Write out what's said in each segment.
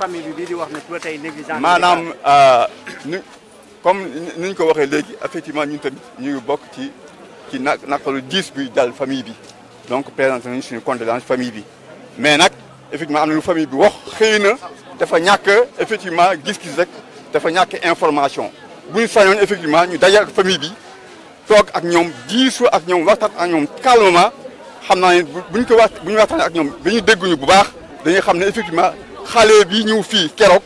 famille bi bii wax ne ba tey négligence. maanaam euh, nu comme ni ñu ko waxee léegi effectivement ñun tamit ñu bokk ci ci na naqalu diis bi dal famille bi donc présenté nañu suñu condoléance famille bi mais nag effectivement am na lu famille bi wax xëy na dafa ñàkk effectivement gis-gis rek dafa ñàkk information bu ñu sañoon effectivement ñu daje ak famille bi toog ak ñoom diisu ak ñoom waxtaan ak ñoom calmement xam naa ne bu ñu ko wax ñu waxtaanee ak ñoom dañuy dégguñu bu baax dañuy xam ne effectivement. xale bi ñëw fii keroog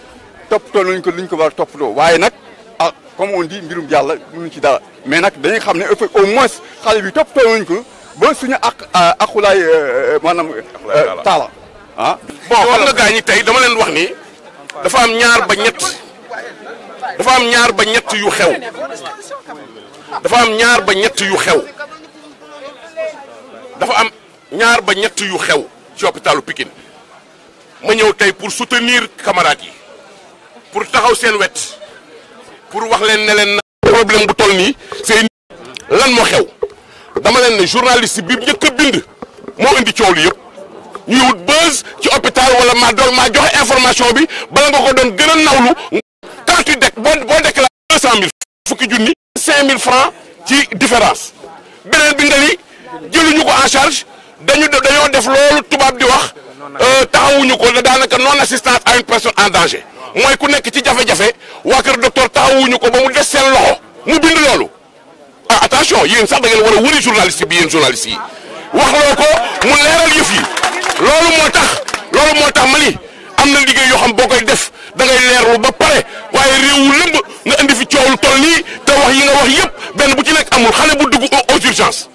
toppatoo nañ ko li ñu ko war a toppatoo waaye nag ah comme on dit mbirum yàlla mënuñ ci dara mais nag dañuy xam ne au moins xale bi toppatoo nañ ko ba suñu ak ah, akulaay euh, euh, maanaam. Euh, taala ah. bon xam nga gars ñi tey dama leen wax ni dafa am ñaar ba ñett dafa am ñaar ba ñett yu xew dafa am ñaar ba ñett yu xew dafa am ñaar ba ñett yu xew ci hôpitalu Pikine ma ñëw tey pour soutenir camarades yi pour taxaw seen wet pour wax leen ne leen problème bu toll nii c'est lan moo xew dama leen ne journaliste bi njëkk bind moo indi coow li yëpp ñuy wut buzz ci hôpital wala maa doon maa joxe information bi bala nga ko doon gën a nawlu. quand tu dek boo boo déclaré deux cent mille fukki junni cinq mille francs ci différence beneen bi nga li jëluñu ko en charge dañu dañoo def loolu tubaab di wax. Euh, taxawuñu ko la daanaka non assistance à une personne en danger mooy ku nekk ci jafe-jafe waa kër docteur taxawuñu ko ba mu des seen loxo mu bind loolu ah attention yéen sax da ngeen a wëri journaliste bi yéen journaliste yi wax loo ko mu leeral yëf loolu moo tax loolu moo tax ma ni am na liggéey yoo xam boo koy def da ngay leerlu ba pare waaye réewu lëmb nga indi fi coow lu toll nii te wax yi nga wax yëpp benn bu ci nekk amul xale bu dugg aux urgences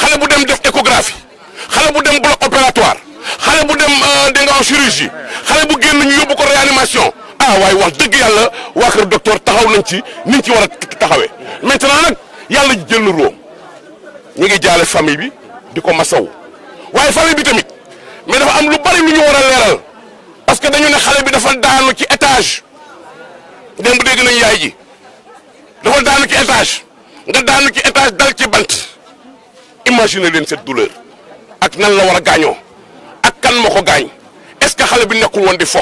xale bu en chirurgie xale bu génn ñu yóbbu ko réanimation ah waaye wax dëgg yàlla waa kër taxaw nañ ci niñ ci war a taxawee maintenant nag yàlla jël na róom ñu ngi jaale famille bi di ko masaw waaye famille bi tamit mais dafa am lu bari lu ñu war a leeral parce que dañu ne xale bi dafa daanu ci étage démb dégg nañ yaay ji dafa daanu ci étage nga daanu ci étage dal ci bant imagine leen cette douleur ak nan la war a gaañoo ak kan moo ko gaañ xale bi nekkul woon di fo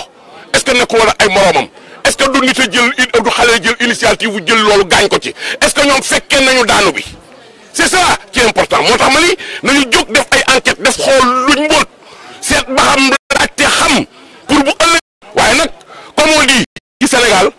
est ce que nekkul woon ay moroomam est ce que du nit a jël du xale jël initiative jël loolu gaañ ko ci est ce que ñoom fekkee nañu daanu bi c' est ça qui important moo tax ma ni nañu jóg def ay enquête def xool luñ mbóot seet ba xam laajte xam pour bu ëllëg waaye nag comme on ci Sénégal